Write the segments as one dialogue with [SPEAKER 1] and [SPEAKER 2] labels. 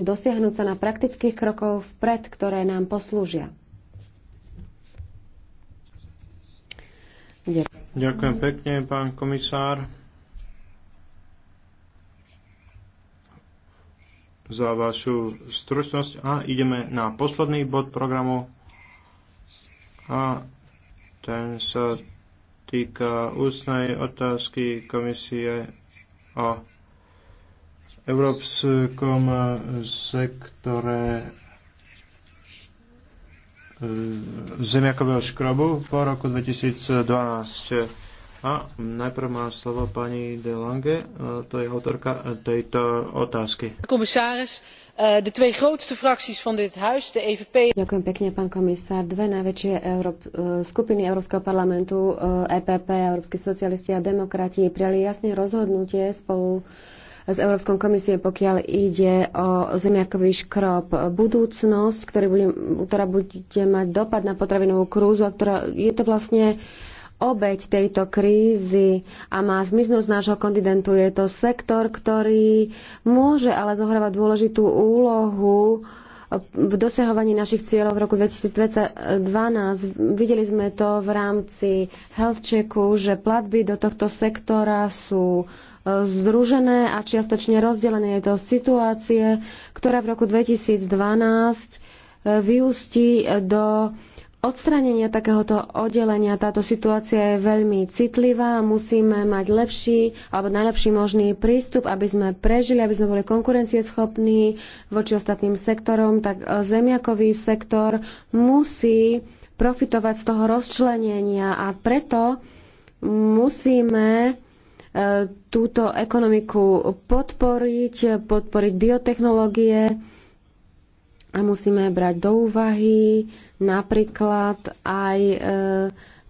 [SPEAKER 1] dosiahnuť sa na praktických krokov vpred, ktoré nám poslúžia.
[SPEAKER 2] Ďakujem. Ďakujem pekne, pán komisár, za vašu stručnosť. A ideme na posledný bod programu. A ten sa týka ústnej otázky komisie o európskom e, sektore e, zemiakového škrobu po roku 2012. A najprv má slovo pani De Lange, e, to je autorka tejto otázky.
[SPEAKER 1] Komisáris, de twee grootste fracties van dit huis, de EVP... Ďakujem pekne, pán komisár. Dve najväčšie Európ- skupiny Európskeho parlamentu, EPP, Európsky socialisti a demokrati, prijali jasne rozhodnutie spolu s Európskou komisiou, pokiaľ ide o zemiakový škrob. Budúcnosť, ktorý bude, ktorá bude mať dopad na potravinovú krúzu a ktorá je to vlastne obeď tejto krízy a má zmiznúť z nášho kontinentu. Je to sektor, ktorý môže ale zohrávať dôležitú úlohu v dosahovaní našich cieľov v roku 2012. Videli sme to v rámci health checku, že platby do tohto sektora sú združené a čiastočne rozdelené. Je to situácie, ktorá v roku 2012 e, vyústi do odstranenia takéhoto oddelenia. Táto situácia je veľmi citlivá, musíme mať lepší alebo najlepší možný prístup, aby sme prežili, aby sme boli konkurencieschopní voči ostatným sektorom, tak e, zemiakový sektor musí profitovať z toho rozčlenenia a preto musíme túto ekonomiku podporiť, podporiť biotechnológie a musíme brať do úvahy napríklad aj e,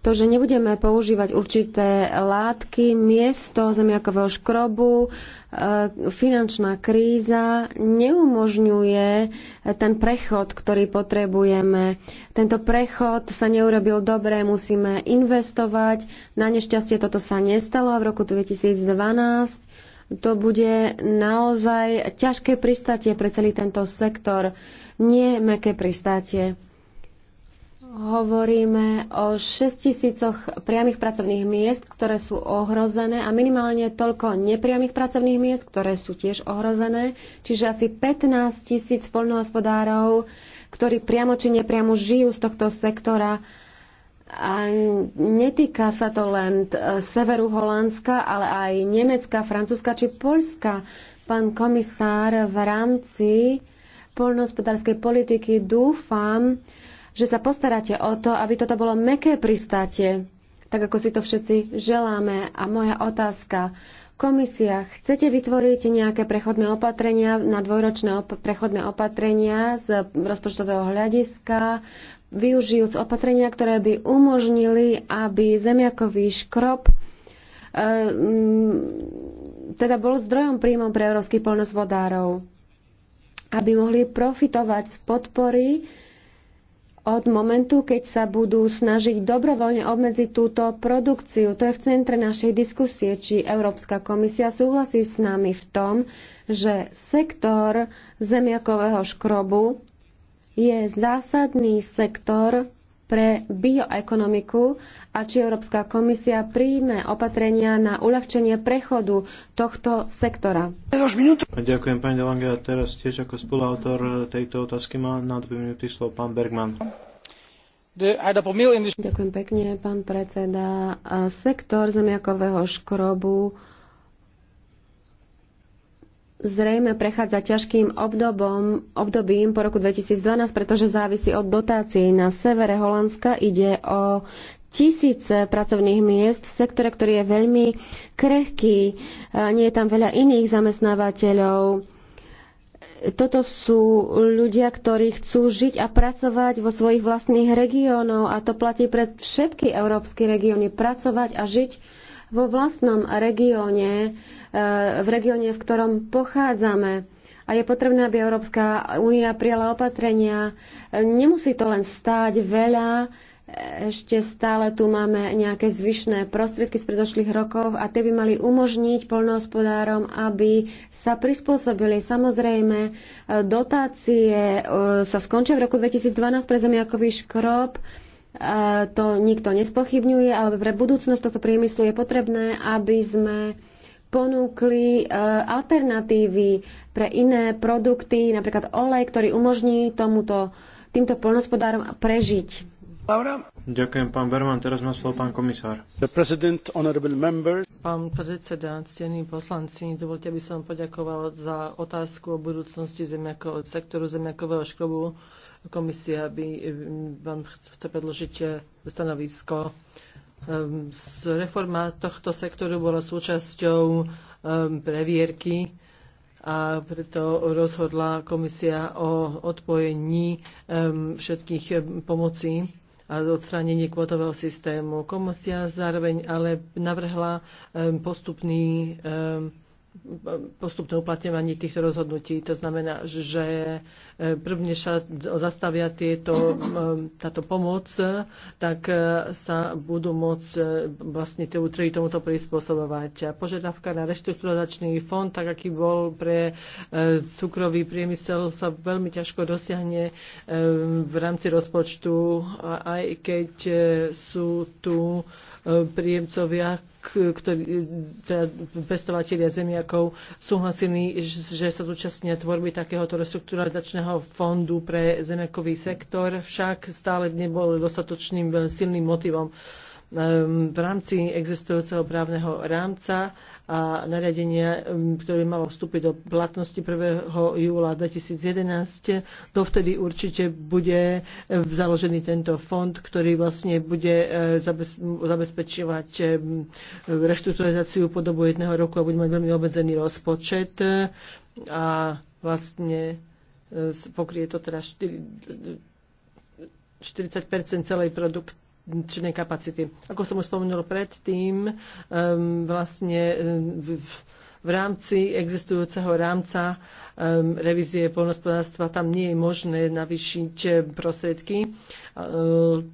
[SPEAKER 1] to, že nebudeme používať určité látky, miesto zemiakového škrobu, e, finančná kríza neumožňuje ten prechod, ktorý potrebujeme. Tento prechod sa neurobil dobre, musíme investovať. Na nešťastie toto sa nestalo a v roku 2012 to bude naozaj ťažké pristatie pre celý tento sektor, nie meké pristatie hovoríme o 6 tisícoch priamých pracovných miest, ktoré sú ohrozené a minimálne toľko nepriamých pracovných miest, ktoré sú tiež ohrozené, čiže asi 15 tisíc poľnohospodárov, ktorí priamo či nepriamo žijú z tohto sektora. A netýka sa to len e, severu Holandska, ale aj Nemecka, Francúzska či Polska. Pán komisár, v rámci poľnohospodárskej politiky dúfam, že sa postaráte o to, aby toto bolo meké pristátie, tak ako si to všetci želáme. A moja otázka, komisia, chcete vytvoriť nejaké prechodné opatrenia na dvojročné op- prechodné opatrenia z rozpočtového hľadiska, využijúc opatrenia, ktoré by umožnili, aby zemiakový škrob e, mm, teda bol zdrojom príjmom pre európskych poľnospodárov, aby mohli profitovať z podpory od momentu, keď sa budú snažiť dobrovoľne obmedziť túto produkciu. To je v centre našej diskusie, či Európska komisia súhlasí s nami v tom, že sektor zemiakového škrobu je zásadný sektor pre bioekonomiku a či Európska komisia príjme opatrenia na uľahčenie prechodu tohto sektora.
[SPEAKER 2] Ďakujem, pani Delange. A teraz tiež ako spoluautor tejto otázky má na dve minúty slovo pán Bergman.
[SPEAKER 1] Ďakujem pekne, pán predseda. Sektor zemiakového škrobu zrejme prechádza ťažkým obdobom, obdobím po roku 2012, pretože závisí od dotácií. Na severe Holandska ide o tisíce pracovných miest v sektore, ktorý je veľmi krehký. Nie je tam veľa iných zamestnávateľov. Toto sú ľudia, ktorí chcú žiť a pracovať vo svojich vlastných regiónoch a to platí pre všetky európske regióny. Pracovať a žiť vo vlastnom regióne, e, v regióne, v ktorom pochádzame. A je potrebné, aby Európska únia prijala opatrenia. E, nemusí to len stáť veľa, e, ešte stále tu máme nejaké zvyšné prostriedky z predošlých rokov a tie by mali umožniť poľnohospodárom, aby sa prispôsobili. Samozrejme, dotácie sa skončia v roku 2012 pre zemiakový škrob to nikto nespochybňuje, ale pre budúcnosť tohto priemyslu je potrebné, aby sme ponúkli e, alternatívy pre iné produkty, napríklad olej, ktorý umožní tomuto, týmto polnospodárom prežiť.
[SPEAKER 2] Laura? Ďakujem, pán Berman. Teraz má slovo pán komisár. Pán predseda,
[SPEAKER 3] ctení poslanci, dovolte, aby som poďakoval za otázku o budúcnosti zemiako, sektoru zemiakového škrobu komisia by eh, vám chce predložiť eh, stanovisko. Ehm, reforma tohto sektoru bola súčasťou ehm, previerky a preto rozhodla komisia o odpojení ehm, všetkých pomocí a odstránenie kvotového systému. Komisia zároveň ale navrhla postupný postupné uplatňovanie týchto rozhodnutí. To znamená, že prvne sa zastavia tieto, um, táto pomoc, tak uh, sa budú môcť uh, vlastne tie útrhy tomuto prispôsobovať. požiadavka na reštrukturačný fond, tak aký bol pre uh, cukrový priemysel, sa veľmi ťažko dosiahne um, v rámci rozpočtu, aj keď sú tu príjemcovia, ktorí, teda pestovateľia zemiakov súhlasení, že sa zúčastnia tvorby takéhoto reštrukturačného Medzinárodného fondu pre zemekový sektor však stále nebol dostatočným silným motivom ehm, v rámci existujúceho právneho rámca a nariadenia, ehm, ktoré malo vstúpiť do platnosti 1. júla 2011. Dovtedy určite bude ehm, založený tento fond, ktorý vlastne bude zabezpečovať reštrukturizáciu po dobu jedného roku a bude mať veľmi obmedzený rozpočet a vlastne pokrie to teda 40 celej produkt, činnej kapacity. Ako som už spomenul predtým, um, vlastne v, v rámci existujúceho rámca um, revízie polnospodárstva tam nie je možné navýšiť eh, prostriedky. Um,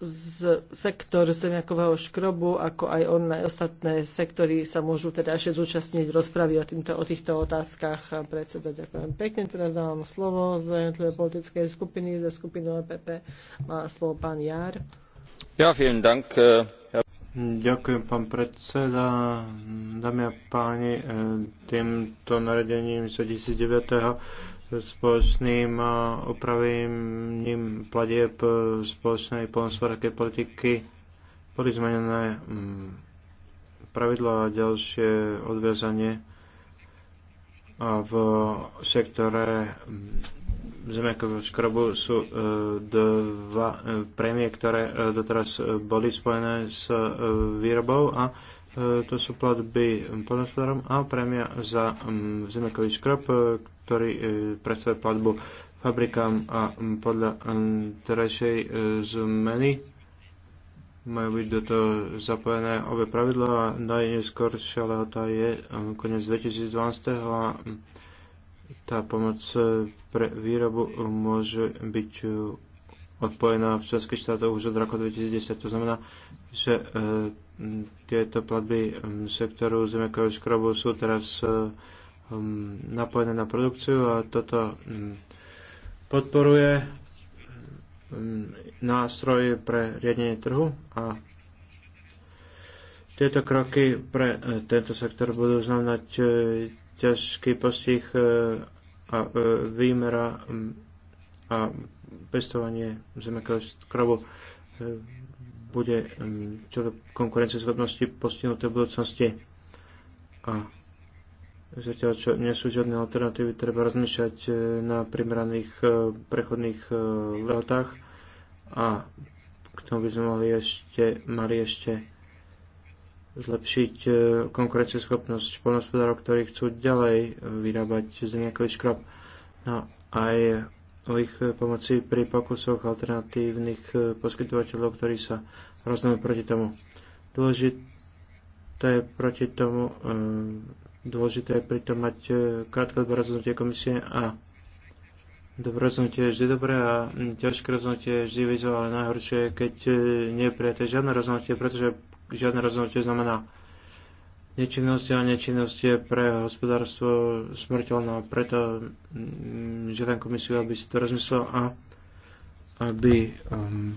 [SPEAKER 3] z sektor zemiakového škrobu, ako aj on oné ostatné sektory sa môžu teda ešte zúčastniť rozpravy o, týmto, o týchto otázkach. Predseda, ďakujem pekne. Teraz dávam slovo z jednotlivé politickej skupiny, ze skupiny OPP. Má slovo pán Jar.
[SPEAKER 2] Ja, vielen dank. Ja... Eh, ďakujem, pán predseda. Dámy a páni, eh, týmto naredením z 2009 spoločným upravením pladieb spoločnej polnospodárskej politiky boli zmenené mm, pravidla a ďalšie odviazanie v sektore mm, zemiakového škrobu sú e, dva e, prémie, ktoré e, doteraz boli spojené s výrobou a E, to sú platby podnospodárom a premia za zimekový škrob, e, ktorý e, predstavuje platbu fabrikám a podľa terajšej zmeny majú byť do toho zapojené obe pravidla a najneskôršia lehota je koniec 2012 a tá pomoc pre výrobu môže byť odpojená v členských štátoch už od roku 2010. To znamená, že tieto platby mm, sektoru zemekového škrobu sú teraz e, mm, napojené na produkciu a toto mm, podporuje nástroj pre riadenie trhu a tieto kroky pre e, tento sektor budú znamenať e, ťažký postih a výmera a pestovanie zemekového škrobu bude čo do schopnosti postihnuté v budúcnosti. A zatiaľ, čo nie sú žiadne alternatívy, treba rozmýšľať e, na primeraných e, prechodných e, lehotách a k tomu by sme mali ešte, mali ešte zlepšiť konkurenceschopnosť polnospodárov, ktorí chcú ďalej vyrábať zemiakový škrob. No aj o ich e, pomoci pri pokusoch alternatívnych e, poskytovateľov, ktorí sa rozhodnú proti tomu. Dôležité je proti tomu, e, dôležité je pritom mať krátkodobé rozhodnutie komisie a Dobré rozhodnutie je vždy dobré a ťažké rozhodnutie je vždy vyzval, ale najhoršie je, keď nie je prijaté žiadne rozhodnutie, pretože žiadne rozhodnutie znamená nečinnosť a nečinnosti je pre hospodárstvo smrteľná. Preto mm, žiadam komisiu, aby si to rozmyslel a aby um,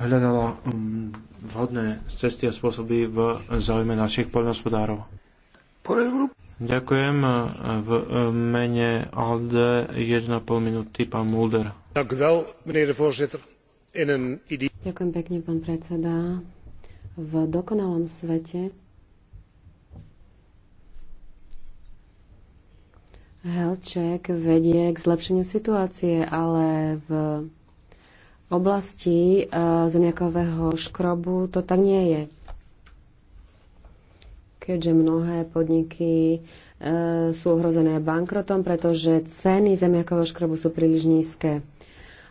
[SPEAKER 2] hľadala um, vhodné cesty a spôsoby v záujme našich poľnohospodárov. Ďakujem. V um, mene ALDE 1,5 minúty pán Mulder. Ďakujem
[SPEAKER 1] pekne, pán predseda. V dokonalom svete Helček vedie k zlepšeniu situácie, ale v oblasti e, zemiakového škrobu to tak nie je. Keďže mnohé podniky e, sú ohrozené bankrotom, pretože ceny zemiakového škrobu sú príliš nízke.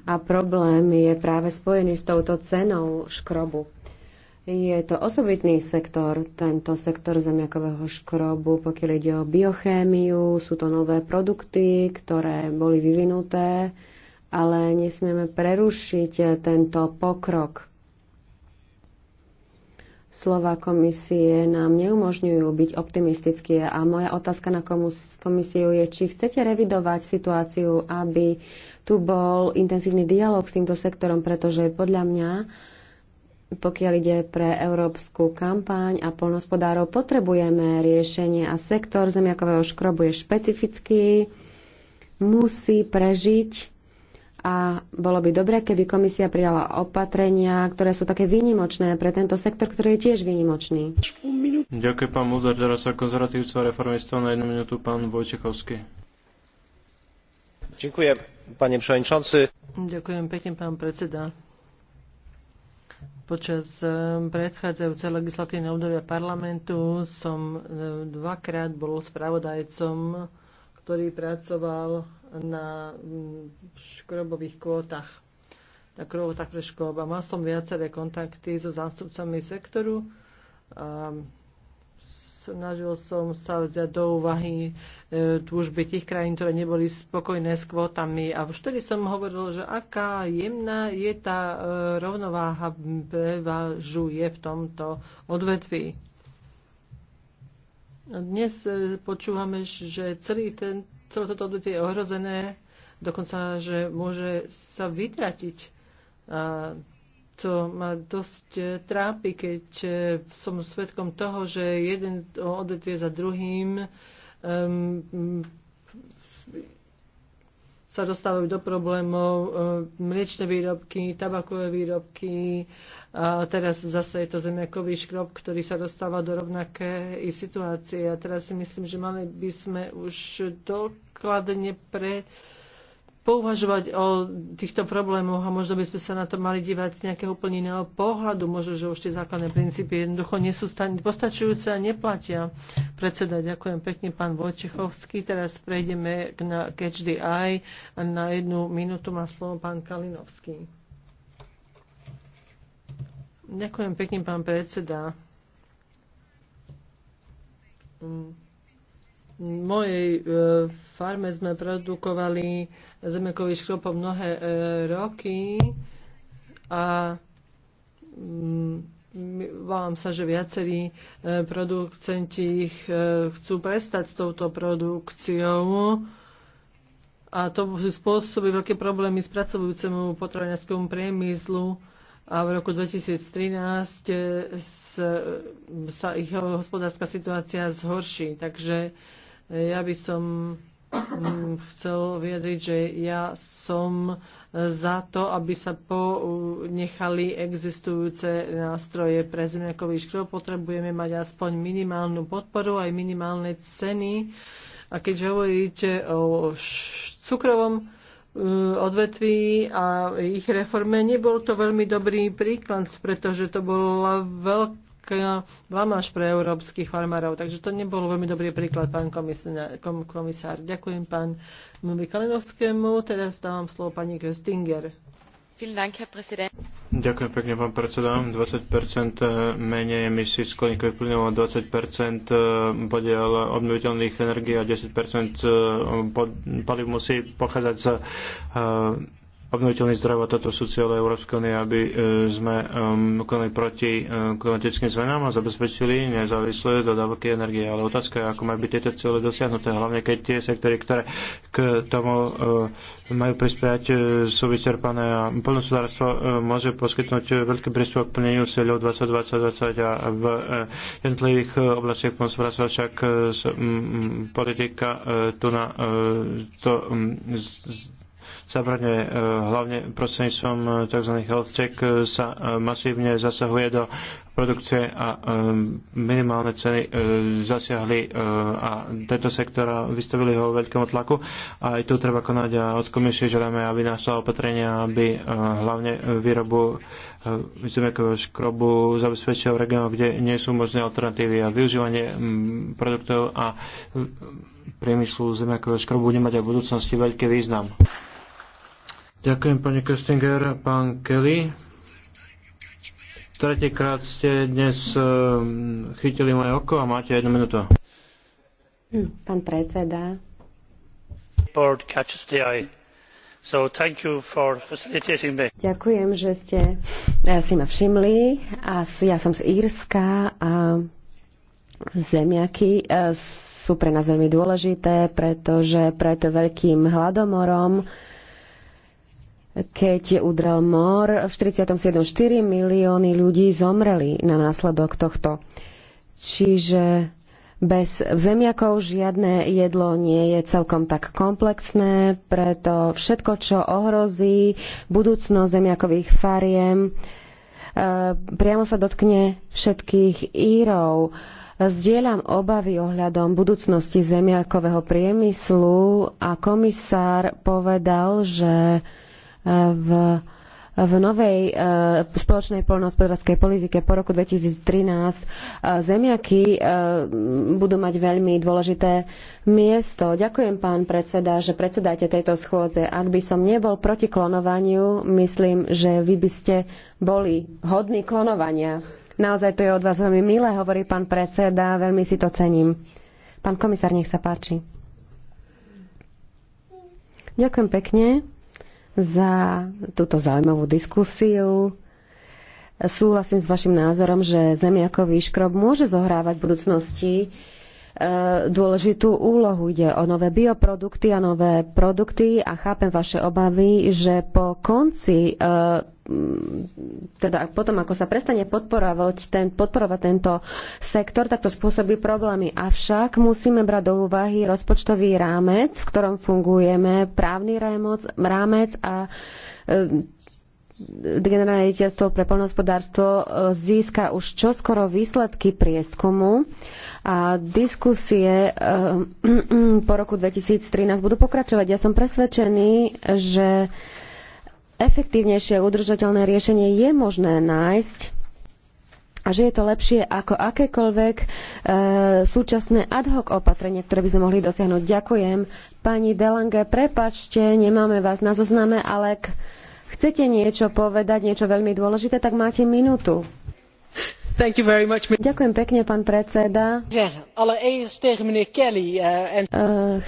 [SPEAKER 1] A problém je práve spojený s touto cenou škrobu. Je to osobitný sektor, tento sektor zemiakového škrobu, pokiaľ ide o biochémiu, sú to nové produkty, ktoré boli vyvinuté, ale nesmieme prerušiť tento pokrok. Slova komisie nám neumožňujú byť optimistickí a moja otázka na komisiu je, či chcete revidovať situáciu, aby tu bol intenzívny dialog s týmto sektorom, pretože podľa mňa pokiaľ ide pre európsku kampaň a polnospodárov, potrebujeme riešenie a sektor zemiakového škrobu je špecifický, musí prežiť a bolo by dobré, keby komisia prijala opatrenia, ktoré sú také výnimočné pre tento sektor, ktorý je tiež výnimočný.
[SPEAKER 2] Ďakujem pán Muzar, teraz ako konzervatívca reformistov na jednu minútu pán Vojčechovský. Ďakujem, pane
[SPEAKER 3] Ďakujem pekne, pán predseda Počas eh, predchádzajúceho legislatívneho obdobia parlamentu som eh, dvakrát bol spravodajcom, ktorý pracoval na mm, škrobových kvótach, na kvótach pre škrob. A mal som viaceré kontakty so zástupcami sektoru. A snažil som sa vziať do úvahy E, túžby tých krajín, ktoré neboli spokojné s kvótami. A vtedy som hovoril, že aká jemná je tá e, rovnováha prevažuje v tomto odvetví. Dnes e, počúvame, že celý ten, celé toto odvetvie je ohrozené, dokonca, že môže sa vytratiť. A to ma dosť trápi, keď som svetkom toho, že jeden odvetvie za druhým um, sa dostávajú do problémov ehm, mliečne výrobky, tabakové výrobky a teraz zase je to zemiakový škrob, ktorý sa dostáva do rovnakej situácie. A teraz si myslím, že mali by sme už dokladne pre pouvažovať o týchto problémoch a možno by sme sa na to mali dívať z nejakého úplne iného pohľadu. Možno, že už tie základné princípy jednoducho nie sú postačujúce a neplatia. Predseda, ďakujem pekne, pán Vojčechovský. Teraz prejdeme na Catch the Eye. Na jednu minútu má slovo pán Kalinovský. Ďakujem pekne, pán predseda. Mm mojej e, farme sme produkovali zemekový škrob po mnohé e, roky a mm, Volám sa, že viacerí e, producenti chcú prestať s touto produkciou a to spôsobí veľké problémy spracovujúcemu potravinárskému priemyslu a v roku 2013 sa ich hospodárska situácia zhorší. Takže ja by som mm, chcel vyjadriť, že ja som za to, aby sa ponechali existujúce nástroje pre zemiakový škrob. Potrebujeme mať aspoň minimálnu podporu, aj minimálne ceny. A keď hovoríte o cukrovom mm, odvetví a ich reforme, nebol to veľmi dobrý príklad, pretože to bola veľká k e, blamáž pre európskych farmárov. Takže to nebol veľmi dobrý príklad, pán komisár. Ďakujem pán Kalinovskému. Teraz dávam slovo pani Köstinger.
[SPEAKER 2] Ďakujem pekne, pán predseda. 20 menej emisí skleníkových plynov a 20 e, podiel obnoviteľných energií a 10 e, paliv musí pochádzať z obnoviteľných zdrojov a toto sú cieľe Európskej únie, aby e, sme konali proti e, klimatickým zmenám a zabezpečili nezávislé dodávky energie. Ale otázka je, ako majú byť tieto cieľe dosiahnuté, hlavne keď tie sektory, ktoré k tomu e, majú prispiať sú vyčerpané a poľnohospodárstvo môže poskytnúť veľký príspevok k plneniu cieľov 2020 a v jednotlivých oblastiach poľnohospodárstva však politika tu na to zabrane. E, hlavne prostredníctvom e, tzv. health check e, sa masívne zasahuje do produkcie a minimálne ceny zasiahli a tento sektor vystavili ho veľkému tlaku a aj tu treba konať a od komisie želáme, aby našla opatrenia, aby hlavne výrobu zemekového škrobu zabezpečil v regiónoch, kde nie sú možné alternatívy a využívanie produktov a priemyslu zemekového škrobu bude mať aj v budúcnosti veľký význam. Ďakujem, pani Köstinger. Pán Kelly, tretiekrát ste dnes eh, chytili moje oko a máte jednu minútu.
[SPEAKER 1] Hm, pán predseda.
[SPEAKER 2] catches the eye. So thank you for facilitating me.
[SPEAKER 1] Ďakujem, že ste eh, si ma všimli. A ja som z Írska a zemiaky eh, sú pre nás veľmi dôležité, pretože pred veľkým hladomorom keď udrel mor. V 47. 4 milióny ľudí zomreli na následok tohto. Čiže bez zemiakov žiadne jedlo nie je celkom tak komplexné, preto všetko, čo ohrozí budúcnosť zemiakových fariem, e, priamo sa dotkne všetkých Írov. Zdieľam obavy ohľadom budúcnosti zemiakového priemyslu a komisár povedal, že v v novej eh, spoločnej poľnohospodárskej politike po roku 2013 eh, zemiaky eh, budú mať veľmi dôležité miesto. Ďakujem, pán predseda, že predsedáte tejto schôdze. Ak by som nebol proti klonovaniu, myslím, že vy by ste boli hodní klonovania. Naozaj to je od vás veľmi milé, hovorí pán predseda, veľmi si to cením. Pán komisár, nech sa páči. Ďakujem pekne za túto zaujímavú diskusiu. Súhlasím s vašim názorom, že zemiakový škrob môže zohrávať v budúcnosti E, dôležitú úlohu. Ide o nové bioprodukty a nové produkty a chápem vaše obavy, že po konci e, teda potom, ako sa prestane podporovať, ten, podporovať tento sektor, tak to spôsobí problémy. Avšak musíme brať do úvahy rozpočtový rámec, v ktorom fungujeme, právny rámec, rámec a e, generálne riaditeľstvo pre poľnohospodárstvo e, získa už čoskoro výsledky prieskumu. E, a diskusie ehm, po roku 2013 budú pokračovať. Ja som presvedčený, že efektívnejšie udržateľné riešenie je možné nájsť a že je to lepšie ako akékoľvek e, súčasné ad hoc opatrenie, ktoré by sme mohli dosiahnuť. Ďakujem. Pani Delange, prepačte, nemáme vás na zozname, ale ak chcete niečo povedať, niečo veľmi dôležité, tak máte minútu.
[SPEAKER 3] Ďakujem
[SPEAKER 1] pekne, pán predseda. Eh,
[SPEAKER 3] eh,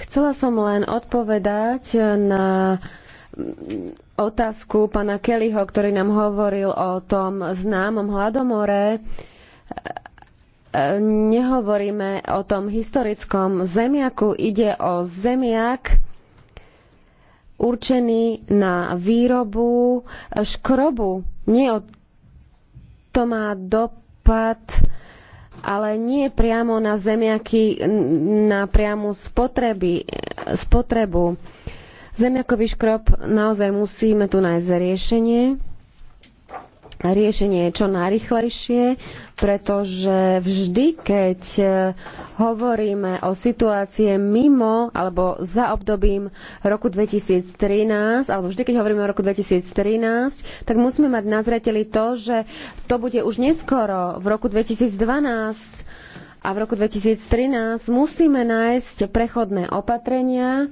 [SPEAKER 1] chcela som len odpovedať na mm, otázku pána Kellyho, ktorý nám hovoril o tom známom hladomore. Eh, nehovoríme o tom historickom zemiaku, ide o zemiak, určený na výrobu škrobu. Nie o to má dopad dopad, ale nie priamo na zemiaky, na priamu spotreby, spotrebu. Zemiakový škrob naozaj musíme tu nájsť riešenie riešenie čo najrychlejšie, pretože vždy, keď e, hovoríme o situácie mimo alebo za obdobím roku 2013, alebo vždy, keď hovoríme o roku 2013, tak musíme mať na zreteli to, že to bude už neskoro, v roku 2012 a v roku 2013 musíme nájsť prechodné opatrenia,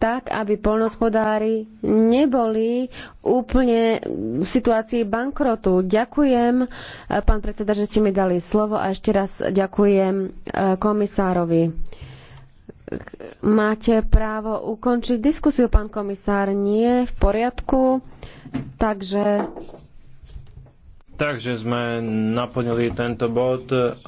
[SPEAKER 1] tak, aby polnospodári neboli úplne v situácii bankrotu. Ďakujem, eh, pán predseda, že ste mi dali slovo a ešte raz ďakujem eh, komisárovi. Máte právo ukončiť diskusiu, pán komisár. Nie, v poriadku. Takže...
[SPEAKER 2] Takže sme naplnili tento bod.